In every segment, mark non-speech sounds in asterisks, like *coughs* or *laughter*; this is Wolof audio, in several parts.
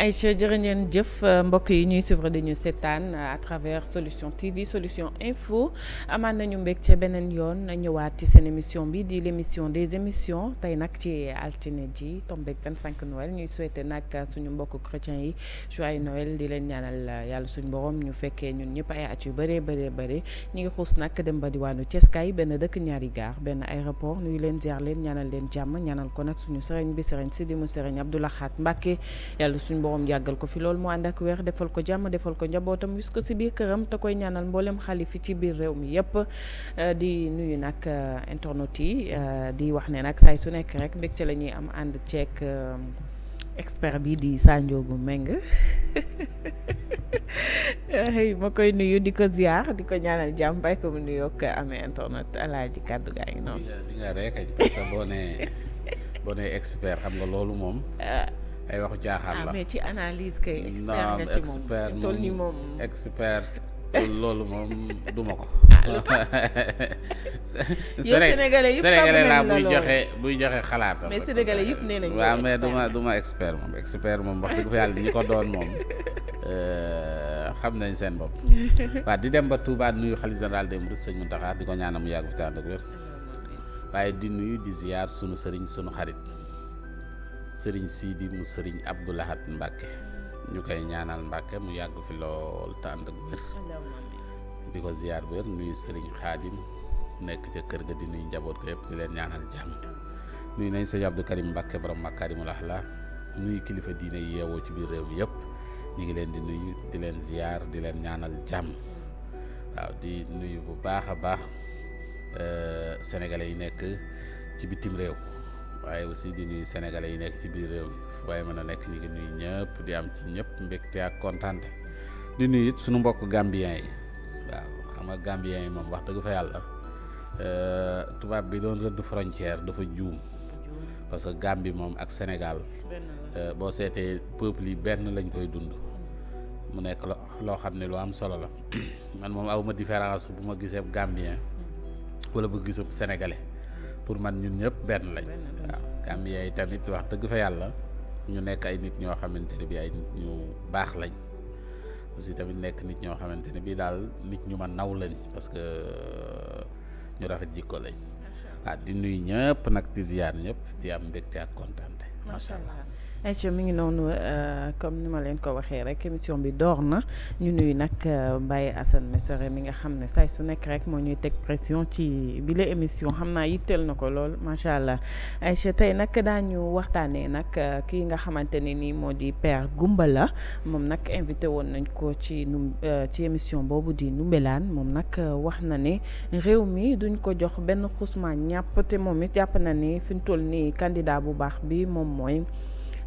ay Aïcha jërë ngeen jëf euh, mbokk yi ñuy suivre dañu seetaan euh, à travers Solution TV Solution Info amaan nañu mbégte beneen yoon ñëwaat ci seen émission bi di l' émission des émissions tey nag ci altine ji tombeeg 25 Noël ñuy souhaité nag suñu mbokk chrétien yi joyeux Noël di leen ñaanal euh, yàlla suñu borom ñu fekkee ñun ñëpp ay at yu bëree bëree bëri ñu ngi xuus nag dem ba diwaanu Thiès kay benn dëkk ñaari gaar benn aéroport nuyu leen ziar leen ñaanal leen jàmm ñaanal ko nag suñu sëriñ bi sëriñ Sidi mu sëriñ Abdou Lahad Mbacké yàlla suñu borom yàggal ko fi loolu mu ànd ak weer defal ko jàmm defal ko njabootam wis ko si biir këram te koy ñaanal mboolem xalifi ci biir réew mi yëpp euh, di nuyu nag euh, internet yi euh, di wax ne nag saay su nekk rek mbégte la ñuy am ànd ceek expert bi di Sanjoogu Meng *laughs* ma koy nuyu di ko ziar di ko ñaanal jàmm bàyyi ko mu nuyoog amee internet alaaji kàddu gaa ngi noonu. di nga expert xam nga loolu moom. *laughs* Ah. ay waxu caaxaan ah, la mais ci analyse kay. expert nga moom nii moom expert loolu moom duma ko. *laughs* Ah, *laughs* sénégalais yëpp sénégalais laa buy joxe buy joxe xalaatam. mais sénégalais yëpp nee nañu waaw mais duma duma expert moom expert moom wax dëgg yàlla ñi ko doon moom. Euh, xam nañ seen bopp *laughs* waaw di dem ba Touba nuyu xalif général des mourides ñu Mountakha di ko ñaanam mu yàgg fi te ànd waaye di nuyu di ziar sunu sëriñ sunu xarit sëriñ Sidi mu sëriñ Abdou Lahad Mbacke ñu koy ñaanal Mbacke mu yàgg fi lool te ànd di ko ziar wér nuyu sëriñ Xaadim nekk ca kër ga di nuyu njaboot ko yëpp di leen ñaanal jàmm nuyu nañ sëriñ Abdou Karim Mbacke borom Makaarimul la nuyu kilifa diine yi yeewoo ci biir réew mi yépp ñu ngi leen di nuyu di leen ziar di leen ñaanal jàmm waaw di nuyu bu baax a baax euh, sénégalais yi nekk ci bitim réew. waaye aussi di nuyu yi nekk ci biir réew mi waaye mën a nekk ñu ngi nuyu ñëpp di am ci ñëpp mbégte ak kontante di nuyu it suñu mbokk gambien yi waaw xam gambien yi moom wax dëgg fa yàlla euh, tubaab bi doon rëdd frontière dafa juum parce que Gambie moom ak Sénégal euh, boo seetee peuple yi benn lañ koy dund mu nekk loo xam ne lu am solo la *clears throat* man moom awma différence bu ma gisee Gambien wala bu gisee Sénégalais pour man ñun ñëpp benn lañ waaw Gambien yi tamit wax dëgg fa yàlla ñu nekk ay nit ñoo xamante ne bi ay nit ñu baax lañ aussi tamit nekk nit ñoo xamante ne bi daal nit ñu ma naw lañ parce que euh, ñu rafet jikko lañ waaw di nuy ñëpp nag di ziar ñëpp di am mbégte ak kontaante macha allah ayca mi ngi noonu euh, comme ni ma leen ko waxee rek émission bi door na ñu nuyu nag euh, Baye assan Mesere mi nga xam ne saay su nekk rek moo ñuy teg pression ci bile émission xam naa yitteel na ko lool macha allah ayca tey nag daañu waxtaanee nag euh, kii nga xamante ne nii moo di Père la moom nag invité woon nañ ko ci num ci émission boobu di Ndoumbelane moom nag wax na ne réew mi duñ ko jox benn xusma ñàpp te moom it jàpp na ni fi mu toll nii candidat bu baax bi moom mooy.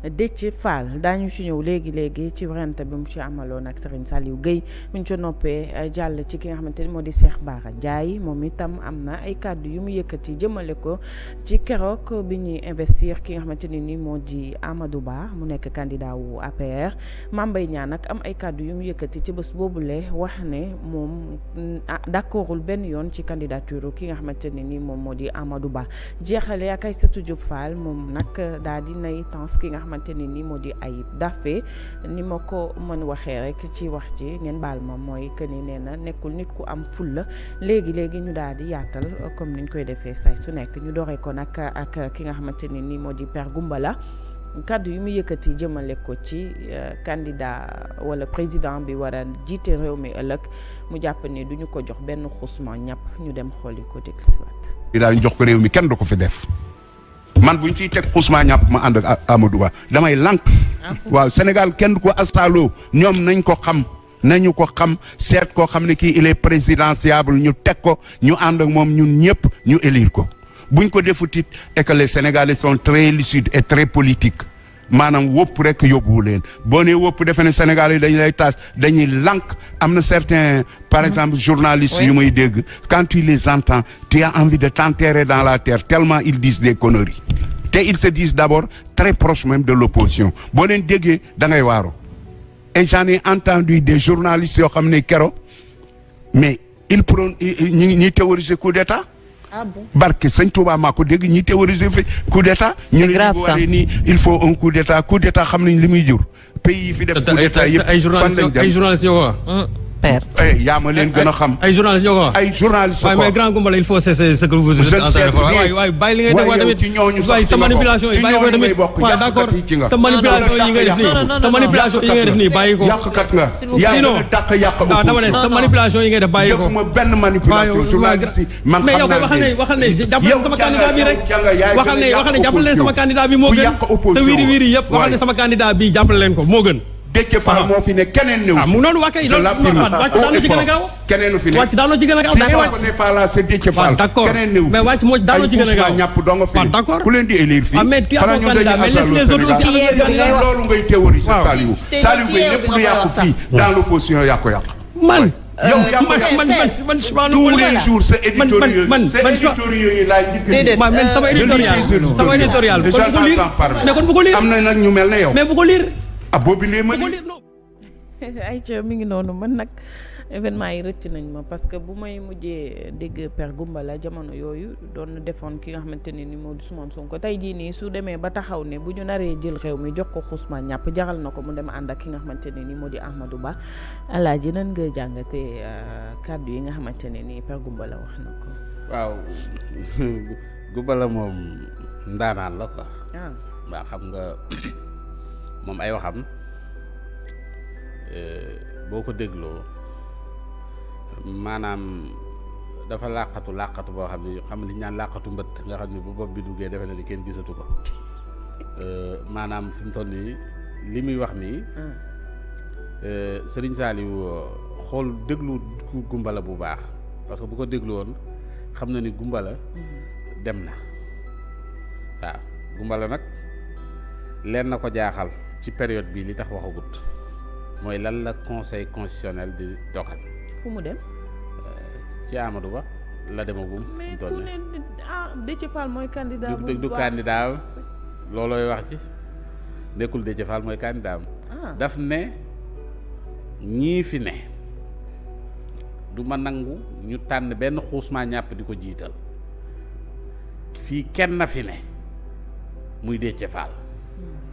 Déthié Fall daañu ci ñëw léegi léegi ci werante bi mu ci amaloon ak Serigne Saliou Guèye bu ñu ci noppee eh, jàll ci ki nga xamante ni moo di Cheikh Bara Ndiaye moom itam am na ay yu mu yëkkati jëmale ko ci keroog bi ñuy investir ki nga xamante ne ni moo di Amadou baax mu nekk candidat wu APR Mame Mbaye Niang nag am ay kàddu yu mu yëkkati ci bés boobu boobule wax ne moom ah, d'accordul benn yoon ci candidature ki nga xamante ne nii moom moo di baax jeexal jeexale ak Aïssatou Diop Fall moom nag daal di nay tans ki nga xam xamante ni nii moo di Ayib Daffé ni ma ko mën waxee rek ci wax ci ngeen baal ma mooy que ni nee na nekkul nit ku am fulla léegi léegi ñu daal di yaatal comme niñ koy defee say su nekk ñu dooree ko nag ak ki nga xamante ni nii moo di gumba la kàddu yi mu yëkkati jëmale ko ci euh, candidat wala président bi war a jiite réew mi ëllëg mu jàpp ne du ko jox benn xusma ñàpp ñu dem xooli ko déglu si waat. daal ñu jox ko réew mi kenn du ko fi def. man bu ñu fiy teg Ousmane ñàpp ma ànd ak Amadou Ba damay lànk ah. waaw Sénégal kenn ko asaaloo ñoom nañ ko xam nañu ko xam seet koo xam ne kii il est présidentiable ñu teg ko ñu ànd ak moom ñun ñëpp ñu élire ko buñ ko defutit et que les Sénégalais sont très lucides et très politiques maanaam wópp rek yóbbuwu leen boo nee wópp defe ne Sénégal yi dañu lay taas dañuy lànk am na certains par exemple journaliste yu muy dégg quand les entends tu as envie de t'enterrer dans la terre tellement ils disent des conneries te ils se disent d'abord très proches même de l'opposition boo leen déggee da ngay waaru et j'en ai entendu des journalistes yoo xam ne kero mais ils prônent ñi ñuy théoriser coup d'état Ah barke sëñ Touba maa ko dégg ñi théoriser fi coup d'état ñu ne bu waree il faut un coup d'état coup xam nañ li muy fi def coup d'état yëpp fan lañ dem père. Eh, yaa leen gën a eh, xam. ay waaye mais leen sama candidat bi rek waxal ne leen sama candidat bi moo gën sa leen ko moo Déthié Fall moo fi ne keneen ñëw. ah mu noonu waa kay loolu wàcc daal la ci gën a gaaw. keneen fi ne wàcc daal la ci gën a gaaw. d'accord si ne pas là c'est Déthié Fall. d'accord keneen ñëw mais wàcc moo daal la ci gën a gaaw ay ñàpp doo nga fi. d'accord ku leen di élire fii. ah mais tu as ton candidat mais les autres aussi loolu ngay théoriser Saliou. Saliou Gueye lépp lu yàqu fii dans l'opposition yaa ko yàq. man euh, yow yaa ko yàq man man man man tous les jours sa éditorial man man sa éditorial yi laay njëkk man sama euh, éditorial sama éditorial kon bu ko lire mais kon bu ko lire am na nag ñu mel ne yow mais bu ko lire ah boo bindee ma lii *laughs* ay ca mi ngi noonu man nag événement yi rëcc nañ ma parce que bu may mujjee dégg Père Gumbala jamono yooyu doon na defoon ki nga xamante ne ni moo di Ousmane Sonko tey jii nii su demee ba taxaw ne bu ñu naree jël réew mi jox ko Ousmane ñàpp jaral na ko mu dem ànd ak ki nga xamante ne ni moo di Ahmadou Ba alaaji nan nga jàngatee euh, kàddu yi nga xamante ne ni Père Gumbala wax na ko. waaw *laughs* Gumbala moom ndaanaan la quoi. Ah. waaw xam nga. moom ay waxam euh, boo ko dégloo maanaam dafa làqatu làqatu boo xam ne xam li ñaan naan làqatu mbët nga xam ne bu bopp bi duggee defe na ni kenn gisatu ko *laughs* euh, maanaam fi mu toll nii li muy wax nii hmm. euh, Serigne Saliou xool déglu ku gumbala bu baax parce que bu ko déglu woon xam na ni gumbala hmm. dem na waaw gumbala nag leen na ko jaaxal ci période bi li tax waxagut mooy lan la conseil constitutionnel di dogal. fu mu dem. Euh, ci Amadou Ba la demagum. mais ku ne ah Déthié Fall mooy candidat bu loolooy wax ci nekkul Déthié Fall mooy candidat am. Ah. daf ne ñii fi ne du ma nangu ñu tànn benn xuusmaa ñàpp di ko jiital fii kenn na fi ne muy Déthié Fall. Hmm.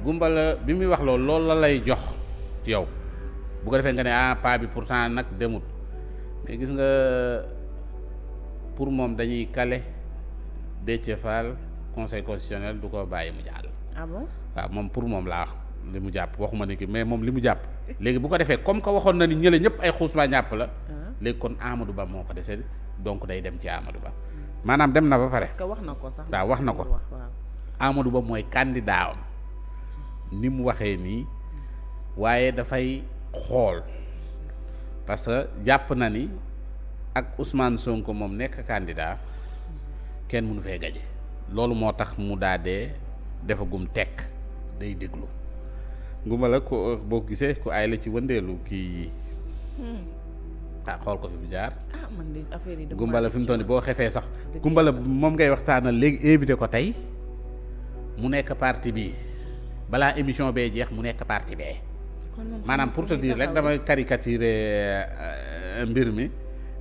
gumbala bi muy wax loolu loolu lay jox yow bu ko defee nga ne ah paa bi temps nag demut mais gis nga pour moom dañuy kale Déthié Fall conseil constitutionnel du ko bàyyi mu jàll. ah moom pour moom laa wax li mu jàpp waxuma ne ki mais moom li mu jàpp. léegi bu ko defee comme que waxoon na ni ñële ñëpp ay xuusma ñàpp la. Ah. léegi kon Amadou Ba moo ko dese donc day dem ci Amadou Ba hmm. maanaam dem na ba pare. wax na ko sax waaw wax na ko. Amadou Ba mooy candidat ni mu waxee nii waaye dafay xool parce que jàpp na ni ak Ousmane Sonko moom nekk kandidaa kenn mënu fee gaje loolu moo tax mu daa dee defagum tek day déglu nguma la ko boo gisee ku ay la ci wëndeelu kii hmm. ah xool ko fi jaar. Ah, man de affaire yi gumbala fi mu toll nii boo xefee sax. gumbala moom ngay waxtaanal léegi invité ko tey mu nekk parti bii. balaa émission bee jeex mu nekk parti bee maanaam pour te dire rek damay caricaturer euh, mbir mi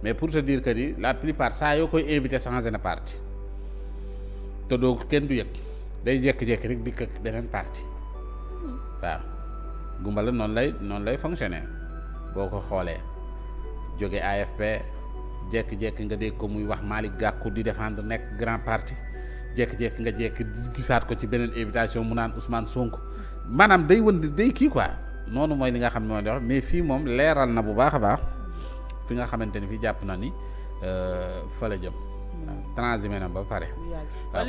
mais pour te dire que ni la plupart saa yoo koy invité changé na parti te doo kenn du yëg day jékki-jékki rek dikk ak beneen parti hmm. waaw gumbala noonu lay noonu lay fonctionner boo ko xoolee jóge AFP jékki-jékki nga dégg ko muy wax Malick Gakou di défendre nekk grand parti jékki-jékki nga jékki gisaat ko ci beneen invitation mu naan Ousmane sonk maanaam day wënd day kii quoi noonu mooy li nga xam ne mooy wax mais fii moom leeral na bu baax a baax fi nga xamante ni fii jàpp na ni euh, fa la jëm. Hmm. transhumé na ba pare. waaw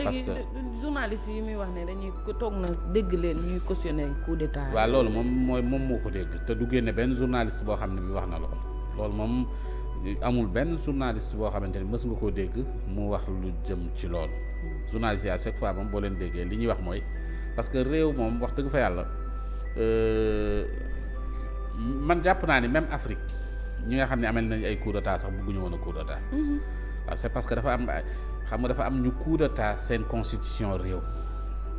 parce que léegi yi muy wax ne dañuy toog na dégg leen ñuy cautionné coup d'état. waa loolu moom mooy moom moo ko dégg te du génne benn journaliste boo xam ne bi wax na loolu loolu moom. amul benn journaliste boo xamante ni mës nga koo dégg mu wax lu jëm ci loolu journaliste yi à fois moom boo leen déggee li ñuy wax mooy parce que réew moom wax dëgg fa yàlla euh, man jàpp naa ni même Afrique ñi nga xam ne amel nañ ay coup d'état sax bëgguñu woon a coup d'état mm-hmm. waaw parce que dafa am xam nga dafa am ñu coup d'état seen constitution réew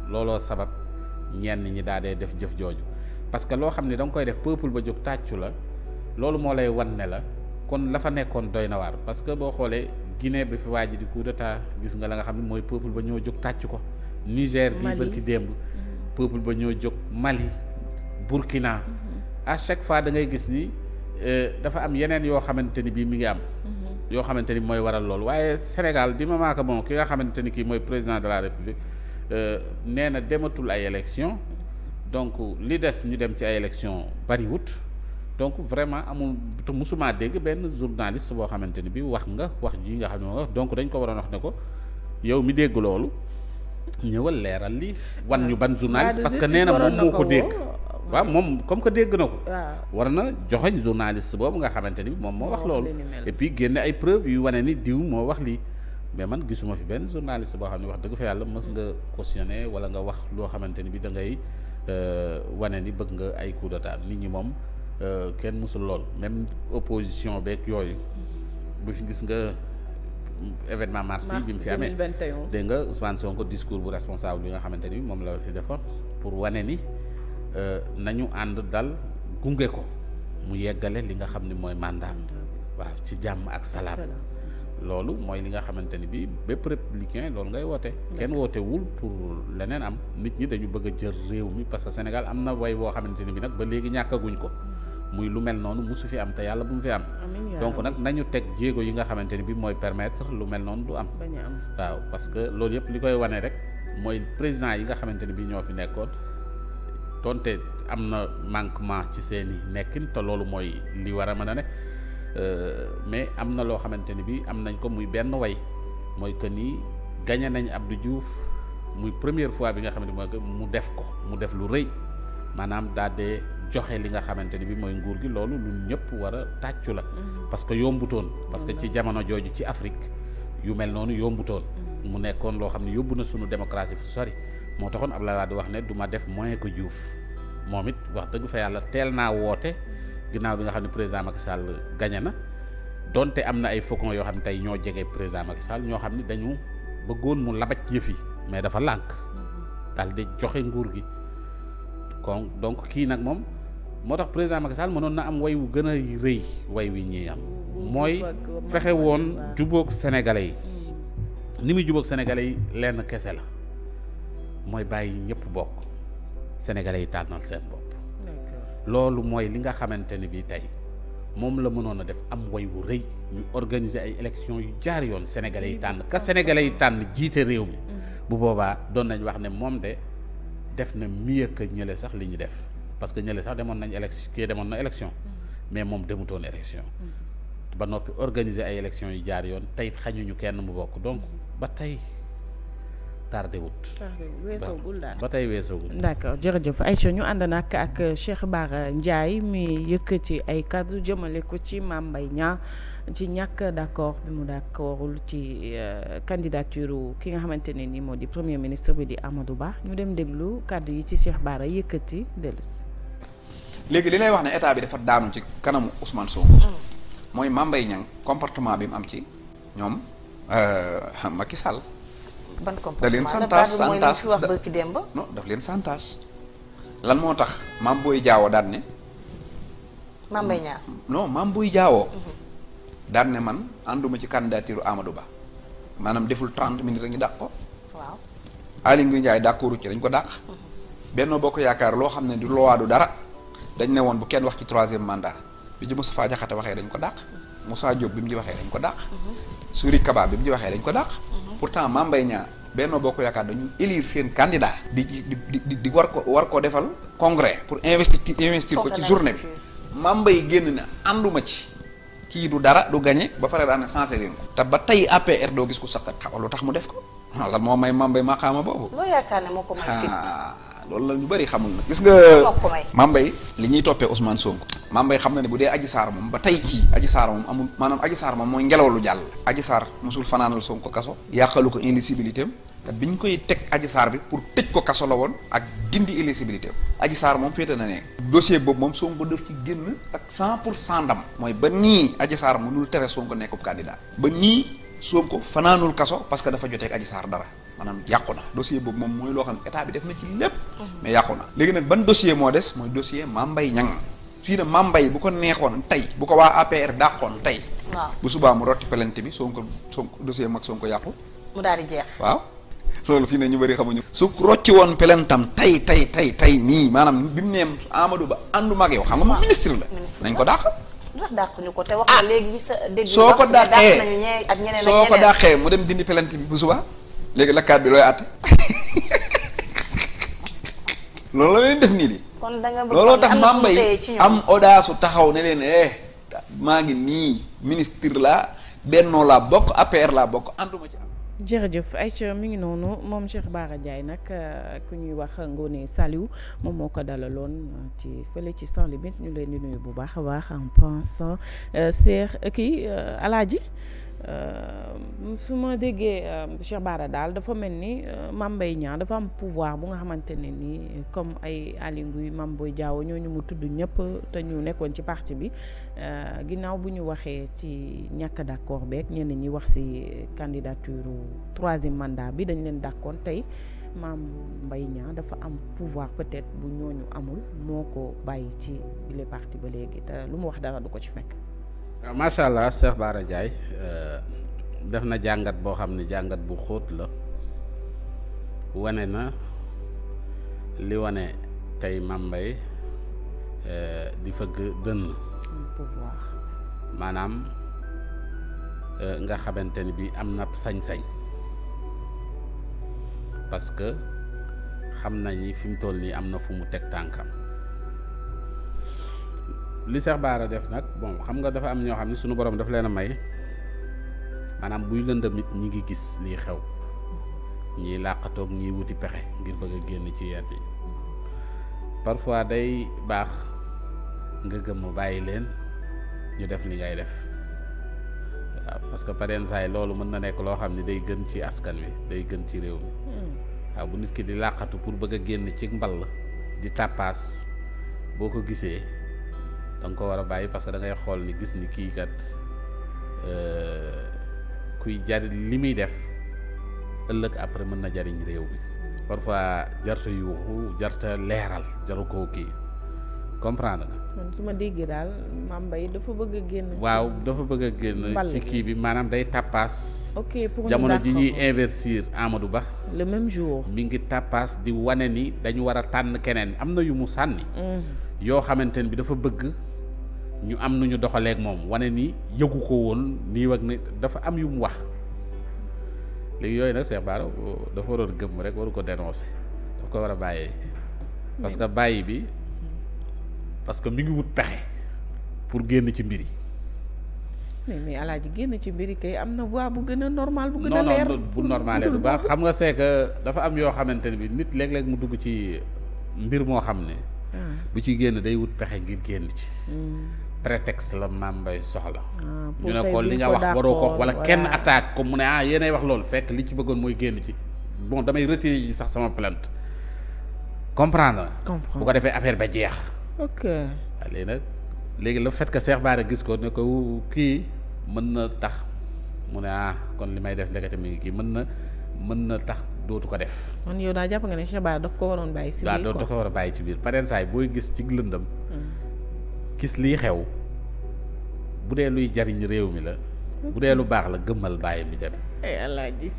looloo sabab ñenn ñi daa dee def jëf jooju parce que loo xam ne da nga koy def peuple ba jóg tàccu la loolu moo lay wan ne la kon lafa fa nekkoon doy na waar parce que boo xoolee Guinée bi fi waa ji di coup d'état gis nga la nga xam ne mooy peuple ba ñoo jóg tàcc ko Niger bi bërki démb mhm. peuple ba ñoo jóg Mali Burkina a mhm. chaque fois dangay gis ni euh, dafa am yeneen yoo xamante ni bii mi ngi am mhm. yoo xamante ni mooy waral loolu waaye Sénégal di ma maaka bon ki nga xamante ni kii mooy président de la République euh, nee na dematul ay élection donc li des ñu dem ci ay élection bariwut donc vraiment amul te musuma dégg benn journaliste boo xamante ni bi wax nga wax ji nga xam ne wax dañ ko waroon wax ne ko yow mi dégg loolu ñëwal leeral li wan ñu ban journaliste parce que nee na moom moo ko dégg waaw moom comme que dégg na ko war na joxoñ journaliste boobu nga xamante ni bi moom moo wax loolu et puis génne ay preuve yu wane ni diw moo wax lii mais man gisuma fi benn journaliste boo xam ne wax dëgg fa yàlla mës nga cautionné wala nga wax loo xamante ni bi da ngay euh, wane ni bëgg nga ay coup d'état nit ñi moom Euh, kenn mësul lool même opposition beeg yooyu mm-hmm. bu fi gis nga événement mars yi bi mu fi amee dégg nga Ousmane Sonko discours bu responsable bi nga xamante ni moom la fi defoon pour wane ni euh, nañu ànd dal gunge ko mu yeggale li nga xam ni mooy mandat waaw ci jàmm ak salaam loolu mooy li nga xamante ni bi bépp républicain loolu ngay woote kenn wootewul pour leneen am nit ñi dañu bëgg a jël réew mi parce que Sénégal am na way boo xamante ni bi nag ba léegi ñàkkaguñ ko muy lu mel noonu musu fi am te yàlla bu mu fi am donc nag nañu teg jéego yi nga xamante ni bi mooy permettre lu mel noonu du am waaw parce que loolu yëpp li koy wanee rek mooy président yi nga xamante ni bi ñoo fi nekkoon tonte am na manquement ci seeni nekkin te loolu mooy li war a mën a ne euh, mais am na loo xamante ni bi am nañ ko muy benn way mooy que ni gagné nañ ab du Diouf muy première fois bi nga xamante ni mooy que mu def ko mu def lu rëy maanaam daa dee joxe li nga xamante ni bi mooy nguur gi loolu lu ñëpp war a tàccu la mm-hmm. parce que yombutoon parce que ci mm-hmm. jamono jooju ci Afrique yu mel noonu yombutoon mm-hmm. mu nekkoon loo xam ne yóbbu na sunu démocratie fu sori moo taxoon Abdoulaye Wade wax ne du def moyen que Diouf moom it wax dëgg fa yàlla teel naa woote ginnaaw bi nga xam ne président Macky Sall gañe na donte am na ay faucons yoo xam ne tey ñoo jege président Macky Sall ñoo xam ne dañu bëggoon mu labaj yëf yi mais dafa lànk daal di joxe nguur gi kon donc kii nag moom moo tax président Macky Sall mënoon na am way wu gën a rëy woy wi ñii am mm. mooy fexe woon jubook sénégalais yi mm. ni muy jubook sénégalais yi lenn kese la mooy bàyyi ñëpp bokk sénégalais yi tànn seen bopp loolu mooy li nga xamante ni bii tey moom la mënoon a def am woy wu rëy ñu organiser ay élections yu jaar yoon sénégalais yi tànn mm. ka sénégalais yi tànn jiite réew mi bu boobaa doon nañ wax ne moom de def na mieux que ñële sax li ñu def parce que ñële sax demoon nañ élection kii demoon na élection mm-hmm. mais moom demutoon élection mm-hmm. ba noppi organiser ay élection yu jaar yoon tey xañuñu kenn mu bokk donc mm-hmm. ba tey tardé wut. tardé weesoogul daal ba tey weesoogul. d' accord jërëjëf Aïcha ñu ànd nag ak Cheikh Bara Ndiaye mi yëkkati ay kàddu jëmale ko ci Mame Mbaye Niang ci ñàkk d' accord bi mu d' accordul ci euh, candidature ki nga xamante ne ni moo di premier ministre bi di Amadou Ba ñu dem déglu kàddu yi ci Cheikh Bara yëkkati dellu léegi li lay wax ne état bi dafa daanu ci kanamu Ousmane Sonko. Mm. mooy Mame Mbaye Niang comportement bi mu am ci ñoom euh, Macky Sall. ban comportement da leen santaas santaas wax ba ki dem ba non daf leen santaas. lan moo tax Mame Boye Diao daan ne. Mame Mbaye Niang non Mame mm-hmm. daan ne man ànduma ci candidature Amadou Ba maanaam deful 30 minutes rek ñu dàq ko. waaw Aly Ngouille Ndiaye d'accord ci dañ ko dàq. Mm-hmm. Benno Bokk Yaakaar loo xam ne du loi du dara. dañ ne woon bu kenn wax ci troisième mandat bi ñu Moustapha Diakhaté waxee dañ ko dàq Moussa Diop bi mu ji waxee dañ ko dàq mhm. Souri Kaba bi mu ji waxee dañ ko dàq mhm. pourtant Mame Mbaye Niang Benno Bokk Yaakaar dañu élire seen candidat di di di di war ko war ko defal congrès pour investir investir ko ci journée bi Mame Mbaye génn na ànduma ci kii du dara du gagné ba pare daana sensé leen ko te ba tey APR doo gis ko sax xaw lu tax mu def ko lan moo may Mame Mbaye maqaama boobu loo Ah, loolu la ñu bëri xamul nag gis nga mambay li ñuy toppee Ousmane Sonko yi xam na ne bu dee aji saar moom ba tey jii aji saar moom amul maanaam aji saar moom mooy ngelaw lu jàll aji saar mosul fanaanal Sonko kaso yàqalu ko inéligibilité am te biñ koy teg aji saar bi pour tëj ko kaso woon ak dindi éligibilité aji saar moom féete na ne dossier boobu moom Sonko def ci génn ak cent pour cent ndam mooy ba nii aji saar mënul tere Sonko nekkub candidat ba nii Sonko fanaanul kaso parce que dafa jotee aji saar dara maanaam yàqu na dossier boobu moom mooy loo xam ne état bi def na ci lépp mhm. mais yàqu na léegi nag ban dossier moo des mooy dossier Mame Mbaye Niang fii na Mame Mbaye bu ko neexoon tey bu ko waa APR dàqoon tey bu subaa mu rotti plainte bi Sonko Sonko dossier mag Sonko yàqu mu daal di jeex waaw loolu fii ne ñu bëri xamuñu su rocci woon pelentam tay tay tay tay nii maanaam bi mu neem Amadou Ba àndu mag yow xam nga moom ministre la nañ ko dàq ndax dàq ñu ko te wax ah! léegi sa dégg soo ko dàqee soo ko dàqee mu dem dindi pelent bi bu suba léegi lakkaat bi looy àtte *laughs* loolu la leen def nii di. kon da nga bëgg looloo tax Mame Mbaye am audace taxaw ne leen eh, maa ngi nii ministre la bennoo laa bokk APR laa bokk ànduma ci am. jërëjëf Aïcha mi ngi noonu moom Cheikh Bara Ndiaye nag euh, ku ñuy wax Ngoné saliw moom moo ko dalaloon euh, ci fële ci sans limite ñu leen di nuyu bu baax a baax en pensant euh, Cheikh kii Alaaji Euh, su ma déggee euh, Cheikh daal dafa mel ni euh, Mame Mbaye Niang dafa am pouvoir bu nga xamante ne nii comme ay Aly Ngouille Mame Boye Diao ñooñu mu tudd ñëpp te ñu nekkoon ci parti bi ginnaaw bu ñu waxee ci ñàkk d'accord beeg ñenn ñi wax ci candidature troisième mandat bi dañ leen dàkkoon tey Mame Mbaye dafa am pouvoir peut-être bu ñooñu amul moo ko bàyyi ci bile parti ba léegi te lu mu wax dara du ko ci fekk. waaw macha allah Cheikh Bara Ndiaye euh, def na jàngat boo xam ne jàngat bu xóot la wane na li wane tey mambay euh, di fëgg dënn pouvoir maanaam euh, nga xamante ni bi am na sañ-sañ parce que xam nañi fi mu toll nii am na fu mu teg tànkam li Cheikh Baara def nag bon xam nga dafa am ñoo xam ne suñu borom dafa leen a may maanaam buy lëndëm it ñi ngi gis lii xew ñuy làqatoog ñiy wuti pexe ngir bëgg a génn ci yenn yi parfois day baax nga gëm bàyyi leen ñu def li ngay def waaw parce que pareen saay loolu mën na nekk loo xam ne day gën ci askan wi day gën ci réew mi hmm. waaw bu nit ki di làqatu pour bëgg a génn ci la di tàppaas boo ko gisee da ko war a bàyyi parce que da ngay xool ni gis ni kii kat euh, kuy jariñ li muy def ëllëg après mën na jariñ réew mi parfois jarta yuuxu jarta leeral jaru koo kii comprendre na su ma déggee daal Mame Mbaye dafa bëgg a génn. waaw dafa bëgg génn. ci kii bi maanaam day tappaas. ok jamono ji ñuy investir Amadou Ba. le jour. mi ngi tappaas di wane ni dañu war a tànn keneen am na yu mu sànni. Mm. yoo xamante bi dafa bëgg. ñu am nu ñu doxaleeg moom wane ni yëgu ko woon nii wag ni dafa am yu mu wax léegi yooyu nag Cheikh Bara dafa waroon gëmm rek waru ko dénoncer daf ko war a bàyyee parce que bàyyi bi parce que mi ngi wut pexe pour génn ci mbir yi. mais mais alaaji génn ci mbir yi kay am na voie bu gën a normal bu gën a leer non non bu normalé du baax xam nga c'est dafa am yoo xamante ne bi nit léeg-léeg mu dugg ci mbir moo xam ne ah. bu ci génn day wut pexe ngir génn ci hmm. prétexte la Mame Mbaye soxla. Ah, ñu ne ko li nga wax waroo ko wala kenn attaque ko mu ne ah yéenay wax loolu fekk li ci bëggoon mooy génn ci bon damay retirer yi sax sama plainte comprendre na. bu ko defee affaire ba jeex. ok waaye ah, léegi nag léegi le fait que Cheikh Bara gis ko ne ko kii mën na tax mu ne ah kon li may def ndekete mi ngi kii mën na mën na tax dootu ko def. kon yow daa jàpp nga ne Cheikh Bara daf ko waroon bàyyi. ci biir war a bàyyi ci biir pareen saay booy gis ci lëndam. Mm. gis lii xew bu dee luy jariñ réew mi la bu dee lu baax la gëmmal bàyyi mi dem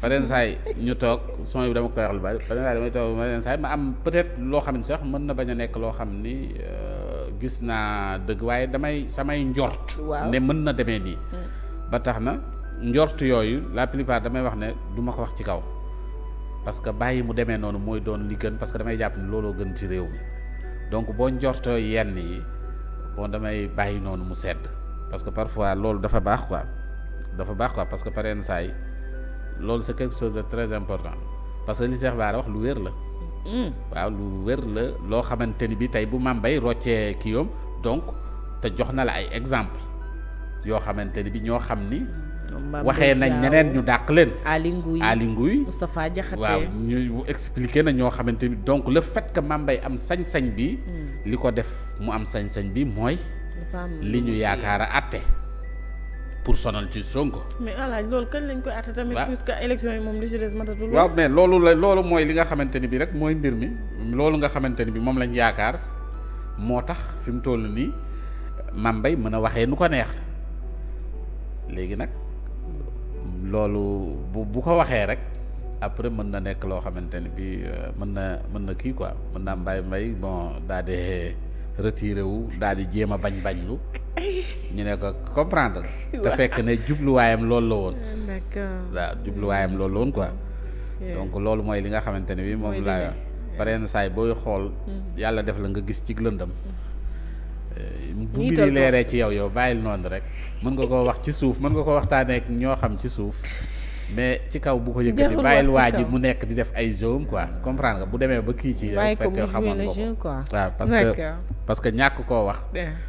beneen eh, saay ñu toog son bi dama koy wax lu bari beneen saay damay ma am peut-être loo xam ne sax mën na bañ a nekk loo xam ni euh, gis naa dëgg waaye damay samay njort ne mën na demee nii hmm. ba tax na njort yooyu la plupart damay wax ne du ma ko wax ci kaw parce que bàyyi mu demee noonu mooy doon li gën parce que damay jàpp ni looloo gën ci réew mi donc boo njortoo yenn yi bon damay bàyyi noonu mu sedd parce que parfois loolu dafa baax ko dafa baax ko parce que par na saa yi loolu c'est quelque chose de très important parce que li Cheikh Bara wax lu wér la. Hmm. waaw lu wér la loo xamante ni bi tey bu Mame Mbaye roccee kii yoom donc te jox na la ay exemple yoo xamante ni bi ñoo xam ni. waxee nañ ñeneen ñu dàq leen. Aly Ngouille Aly Ngouille Moustapha Diakhaté na ñoo xamante ni donc la fait que Mame am sañ-sañ bi. Hmm. li ko def. mu am sañ-sañ bi mooy li ñu yaakaar a atte pour sonal ci son mais alaaj loolu kañ lañ koy atte tamit. puisque élection yi moom li ci des matatul. waaw mais loolu la loolu mooy li nga xamante ni bi rek mooy mbir mi loolu nga xamante ni bi moom lañ yaakaar moo tax fi mu toll nii mbay mën a waxee nu ko neex léegi nag loolu bu bu ko waxee rek après mën na nekk loo xamante ni bi euh, mën na mën na kii quoi mën na mbay mbay bon daa dee retiré wu daal di jéem a bañ bañ lu *laughs* ñu ne ko comprendre *laughs* te fekk ne jubluwaayam loolu la woon ah, waaw jubluwaayam loolu la woon quoi donc loolu mooy li nga xamante ne bi moom laa na saay booy xool mm-hmm. yàlla def la nga gis ci lëndam mm-hmm. eh, bu mbiri leeree ci yow yow bàyyil noonu rek mën nga koo wax ci suuf mën nga ko waxtaanee ak ñoo xam ci suuf mais ci kaw bu ko yëkkati bàyyil waa ji mu nekk di def ay zoom quoi comprendre nga bu demee ba kii ci yow fekk ko waaw parce que parce que ñàkk koo wax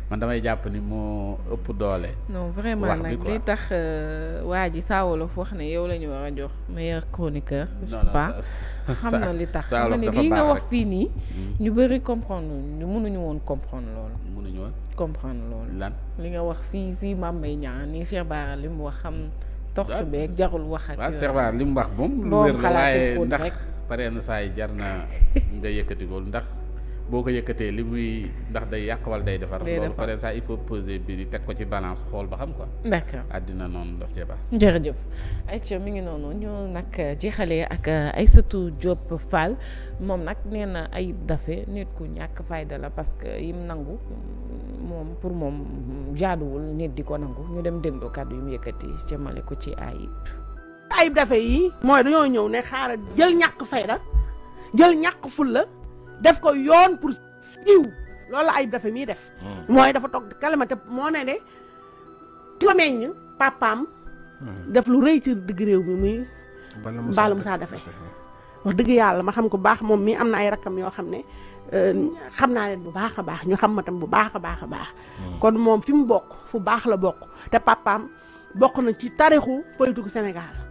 man damay jàpp ni moo ëpp doole non vraiment nag li tax euh, waa ji saawolof wax ne yow la ñu war a jox meilleur chroniqueur je sais pas xam na li tax xam na ni lii nga wax fii nii mm-hmm. ñu bëri comprendre ñu mënuñu woon comprendre loolu woon comprendre loolu lan li nga wax fii si Mame Mbaye Niang nii Cheikh Bara li mu wax xam tox su beeg jarul wax ak. waaw Cheikh Bara li wax moom. lu wér la waaye ndax pare na saa yi jar naa nga yëkkati loolu ndax. boo ko yëkkatee li muy ndax day yàq wala day defar. day defar loolu par exemple il faut peser yi teg ko ci balance xool ba xam quoi. d' accord àddina noonu daf cee baax. jërëjëf ayca mi ngi noonu ñu nag jeexalee ak ay Aïssatou Diop Fall moom nag nee na Ayib Daffé nit ku ñàkk fayda la parce que yim nangu moom pour moom jaaduwul nit di ko nangu ñu dem déglu kàddu yi mu yëkkati jëmale ko ci Ayib. Ayib Daffé yi mooy dañoo ñëw ne xaaral jël ñàkk fayda jël ñàkk fulla def ko yoon pour siiw loolu la Ayib Daffé mii def. Hmm. mooy dafa toog kalamate moo ne de ki ko meññ def lu rëy ci digg réew mi muy. Balla saa Daffé wax dëgg yàlla ma xam ko baax moom mii am na ay rakkam yoo xam ne euh, xam naa leen bu baax a baax ñu xam ma tam bu baax a baax a baax. Hmm. kon moom fi mu bokk fu baax la bokk te papaam bokk na ci tarixu politique Sénégal.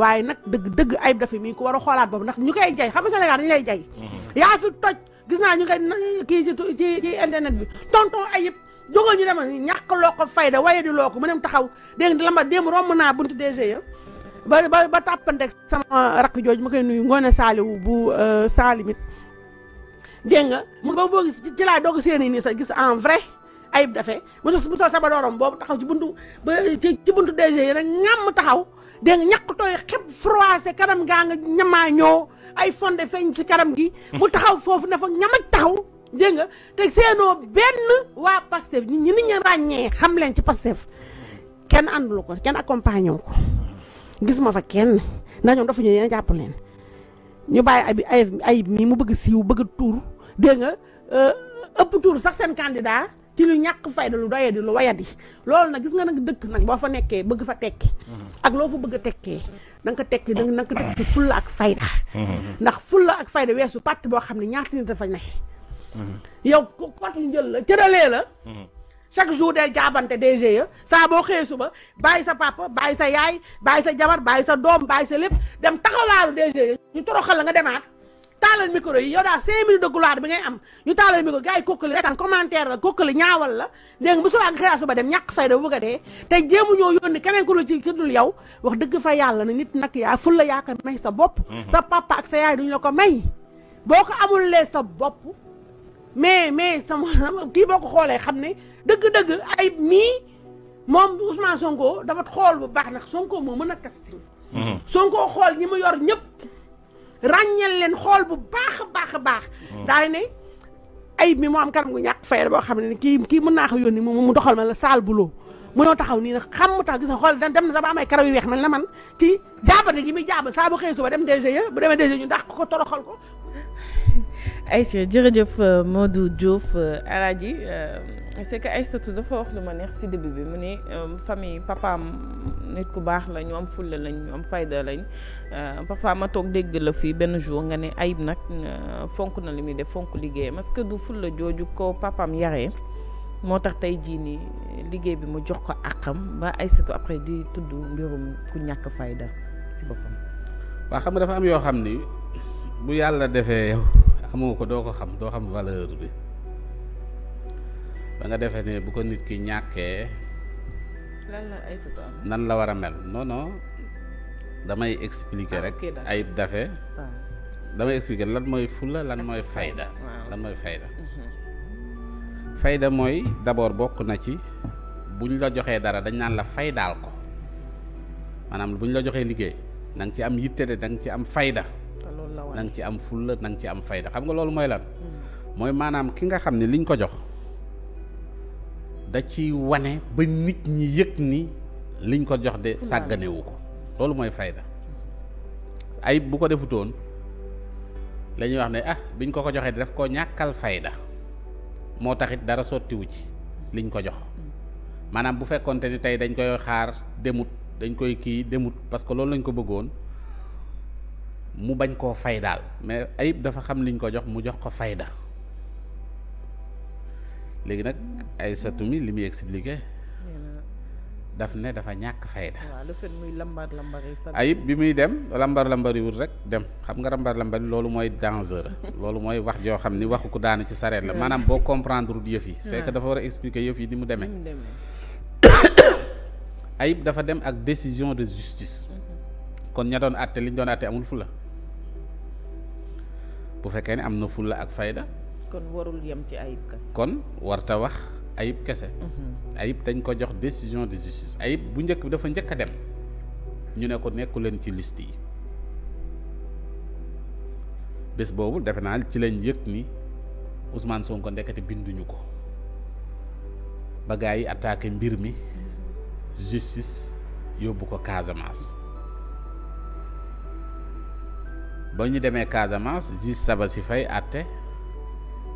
waaye nag dëgg dëgg ayib dafa mi ko war a xoolaat boobu ndax ñu koy jay xam nga Sénégal dañu lay jay mm-hmm. yaa fi toj gis naa ñu koy kii ci ci internet bi tonton ayib jógoo ñu demal ñàkk loo ko fayda waye di ko mu dem taxaw dégg nga lamba démb romb naa buntu DG ya ba ba ba tàppanteeg sama rakk jooju ma koy nuyu ngoone saaliwu bu euh, sans limite dégg nga mu ba boo gis ci laa doog seeni nii sa gis en vrai ayib dafe mu mu tol saba doorom boobu taxaw ci buntu ba ci buntu DG ya nag ñàmm taxaw dégg nga ñàkk tooy xëpp froissé kanam ngaa nga ñamaañoo ay fonde feeñ si kanam gi. mu taxaw foofu dafa ñamaj taxaw. dégg nga te seenoo benn waa Pastef ñi ñi ñu ràññee xam leen ci Pastef kenn àndul ko kenn accompagné ko gis ma fa kenn ndax ñoom dafa ñu yéen a jàpp leen ñu bàyyi ay ayib mi mu bëgg siiw bëgg tuur dégg nga euh, ëpp tuur sax seen candidat. ci lu ñàkk fayda lu doyadi lu wayadi loolu nag gis nga nag dëkk nag boo fa nekkee bëgg fa tekki mm-hmm. ak loo fa bëgg a tekkee na nga ko tekki da nga ko mm-hmm. tekki la ak fayda mm-hmm. ndax la ak fayda weesu parti boo xam ne ñaata nit dafa nekk yow ku parti njël la cëralee la chaque jour del jaabante DG ya saa boo xëyee suba bàyyi sa papa bàyyi sa yaay bàyyi sa jabar bàyyi sa doom bàyyi sa lépp dem taxawaalu DG ya ñu toroxal la nga demaat taalal micro yi yow daal cinq minutes de gloire bi ngay am ñu taalal micro gars yi kokkali retaan commentaire la kokkali ñaawal la dégg nga bu subaa nga xëyaa suba dem ñàkk fay da bëgg a dee te jéemu ñoo yónni keneen ku la ci kidul yow wax dëgg fa yàlla na nit nag yaa ful la yaa ko may sa bopp mhm. sa papa ak sa yaay duñu la ko may boo ko amul lee sa bopp mais mais sama kii boo ko xoolee xam ne dëgg-dëgg ay mii moom Ousmane Sonko dafa xool bu baax nag Sonko moo mën a casting mhm. Sonko xool ñi mu yor ñëpp ràññeel leen xool bu baax a baax a baax. Oh. daañu ne ay mi mu am kanam gu ñàkk fayal boo xam ne kii kii mën naa ko yónni mu doxal ma la saal buloo mënoo taxaw nii nag xam mu tax gis nga xool dem na sax ba am ay karaw yu weex man la man ci jaabate gi muy jaabal saa bu xëy suba dem DG ya bu demee DG ñu dàq ko toroxal ko Aïcha jërëjëf euh, Modou Diouf euh, Alaaji euh, c' est que Aïssatou dafa wax lu ma neex si début bi mu ne famille papaam nit ku baax la ñu am fulla lañ ñu am fayda lañ parfois ma toog dégg la fii benn jour nga ne Ayib nag fonk na li muy def fonk liggéeyam parce que du fulla jooju ko papaam yaree moo tax tey jii nii liggéey bi mu jox ko àqam ba Aïssatou après di tudd mbirum ku ñàkk fayda si boppam. waaw xam dafa am yoo xam ni bu yàlla defee yow. xamoo ko doo ko xam doo xam valeur bi ba nga ne bu ko nit ki ñàkkee. nan la war a mel non damay expliquer ah, rek. ayib dafe ah. damay expliquer lan mooy fulla lan mooy fayda. lan mooy fayda. Mhm. fayda mooy d'abord bokk na ci buñ la joxee dara dañ naan la faydaal ko maanaam buñ la joxee liggéey da nga ci am yitte de ci am fayda. na nga ci am fulla na nga ci am fayda xam nga loolu mooy lan hmm. mooy maanaam ki nga xam ne liñ ko jox da ci wane ba nit ñi yëg ni liñ ko jox de sàgganewu ko loolu mooy fayda ay bu ko defutoon lañuy wax ne ah biñ ko ko joxee daf koo ñàkkal fayda moo taxit dara sottiwu ci liñ ko jox hmm. maanaam bu fekkonte ni tey dañ koy xaar demut dañ koy kii demut parce que loolu lañ ko bëggoon mu bañ koo fay daal mais ayib dafa xam liñ ko jox mu jox ko fayda léegi nag ay satumi li muy expliqué daf ne dafa ñàkk fayda ayib bi muy dem lambar lambar yi wut rek dem xam nga lambar lambar loolu mooy danger *laughs* loolu mooy wax joo xam ni waxu ko daanu ci sareet la maanaam boo comprendre wut yëf yi c'est que dafa war a expliquer yëf yi ni mu demee *coughs* ayib dafa dem ak décision de justice mm-hmm. kon ña doon àtte liñ doon àtte amul fu la bu fekkee ne am na fulla ak fayda. kon warul yem ci ayib kese. kon warta wax ayib kese. Mhm. ayib dañ ko jox décision de justice ayib bu njëkk bi dafa njëkk a dem ñu ne ko nekku leen ci liste yi bés boobu defe naa ci lañ yëg ni Ousmane Sonko ndekete binduñu ko ba gaa yi attaqué mbir mi mhm. justice yóbbu ko Casamance. ba ñu demee Casamance gis saba si fay àtte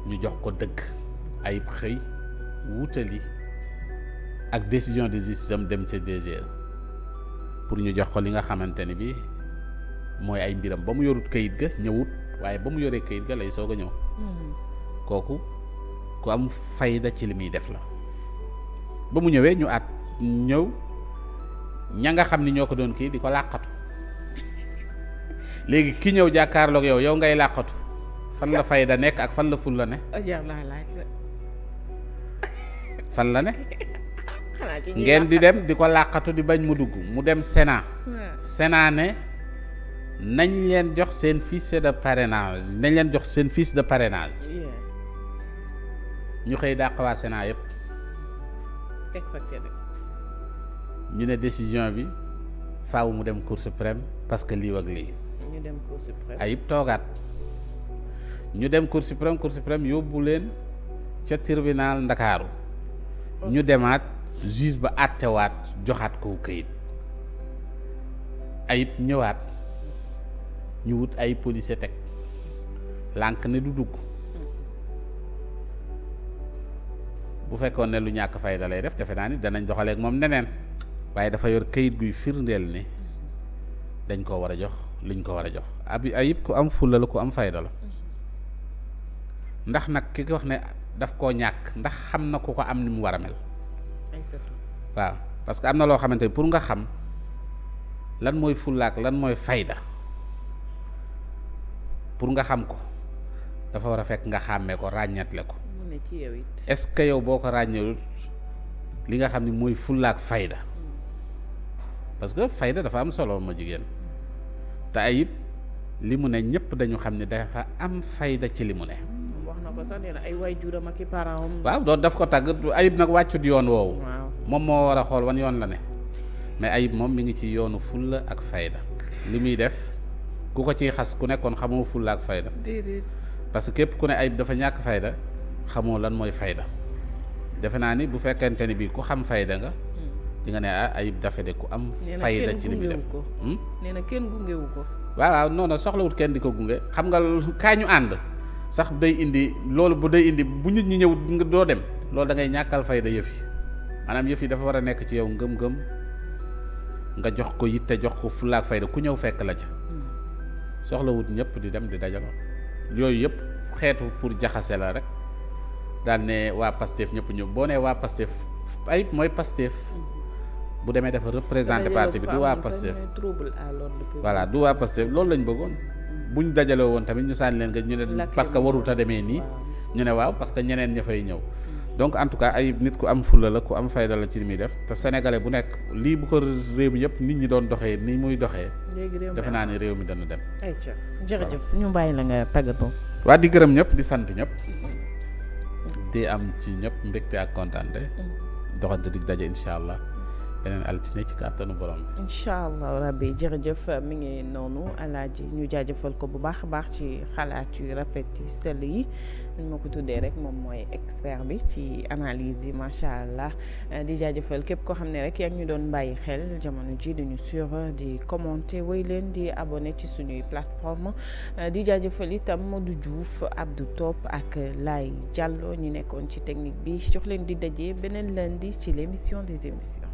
ñu jox ko dëgg ayib xëy wutali ak décision de justice am dem ca DG pour ñu jox ko li nga xamante ni bi mooy ay mbiram ba mu yorut kayit ga ñëwut waaye ba mu yoree kayit ga lay soog a ñëw mm-hmm. kooku ku am fayda ci li muy def la ba mu ñëwee ñu at ñëw ña nga xam ni ñoo ko doon kii di ko làqatu léegi ki ñëw jàkkaarlook yow yow ngay làqatu fan la fayda nekk ak fan la ful la ne. Oh, *laughs* fan la ne. *laughs* ngeen di dem di ko làqatu di bañ mu dugg mu dem sena hmm. Sénat ne nañ leen jox seen fiche de parrainage nañ leen jox seen fiche de parrainage. ñu xëy dàq waa Sénat yëpp. ñu ne décision bi faaw mu dem Cour suprême parce que lii ak lii. ñu dem cour suprême ayib toogaat ñu dem cour suprême cour suprême yóbbu leen ca tribunal ndakaaru ñu demaat juge ba àttewaat joxaat ko këyit ayib ñëwaat ñu wut ay policier teg lànk ne du dugg bu fekkoon ne lu ñàkk fayda lay def defe naa ni danañ doxaleeg moom neneen waaye dafa yor këyit guy firndeel ne dañ koo war a jox liñ ko war a jox ab ayib ku am fulla la ku am fayda la ndax nag ki wax ne daf koo ñàkk ndax xam na ku ko am ni mu war a mel waaw parce que am na loo xamante ni pour nga xam lan mooy fullaak lan mooy fayda pour nga xam ko dafa war a fekk nga xàmmee ko ràññatle ko est-ce que yow boo ko ràññewul li nga xam ni mooy fullaak fayda mm. parce que fayda dafa am solo ma jigéen te ayib li mu ne ñëpp dañu xam ne dafa am fayda ci li mu ne. wax na ko sax nee na ay waajuram i parents am. waaw doon daf ko tàgg ayib nag wàccut yoon woowu. moom moo war a xool wan yoon la ne. mais ayib moom mi ngi ci yoonu fulla ak fayda li muy def ku ko ciy xas ku nekkoon xamoo fulla ak fayda. déedéet parce que képp ku ne ayib dafa ñàkk fayda xamoo lan mooy fayda. defe naa ni bu fekkente ne bii ku xam fayda nga. di nga ne ah Ayib Daffé de ku am. fayda ci li muy def hmm? nee na kenn gungewu ko. waaw waaw non soxlawut kenn di ko gunge xam nga kaa ñu ànd sax day indi loolu bu day indi bu ñu ñi ñëw nga doo dem loolu da ngay ñàkkal fayda yëf yi maanaam yëf yi dafa war a nekk ci yow ngëm-ngëm nga jox ko yitte jox ko fulaak fayda ku ñëw fekk la ca hmm. soxlawut ñëpp di dem di dajaloo yooyu yëpp xeetu pour jaxase la rek daan ne waa Pastef ñëpp ñëw boo nee waa Pastef ayib mooy Pastef. Hmm. bu demee dafa représenté parti bi du waa Pastef voilà du waa Pastef loolu lañ bëggoon buñ dajale woon tamit ñu sànni leen nga ñu ne parce que warut a demee nii ñu ne waaw parce que ñeneen ña fay ñëw mm. donc en tout cas ay nit ku am fulla la ku am fayda la ci li muy def te sénégalais bu nekk lii bu ko réew mi yëpp nit ñi doon doxee ni muy doxee defe naa ne réew mi dana dem jërëjëf ñu bàyyi la nga tàggatoo waa di gërëm ñëpp di sant ñëpp di am ci ñëpp mbégte ak kontaante mm. doxante di daje incha allah beneen altine ci kàttanu borom bi. incha allah rabbi jërëjëf mi ngi noonu alaaji ñu jaajëfal ko bu baax a baax ci xalaat yu rafet yu sell yi ñu ma ko tuddee rek moom mooy expert bi ci analyse yi macha allah di jaajëfal képp koo xam ne rek yaa ngi ñu doon bàyyi xel jamono ji dañu sur di commenter way leen di abonné ci suñuy plateforme di jaajëfal itam Modou Diouf Abdou Top ak Laye Diallo ñu nekkoon ci technique bi jox leen di dajee beneen lundi ci l' émission des émissions.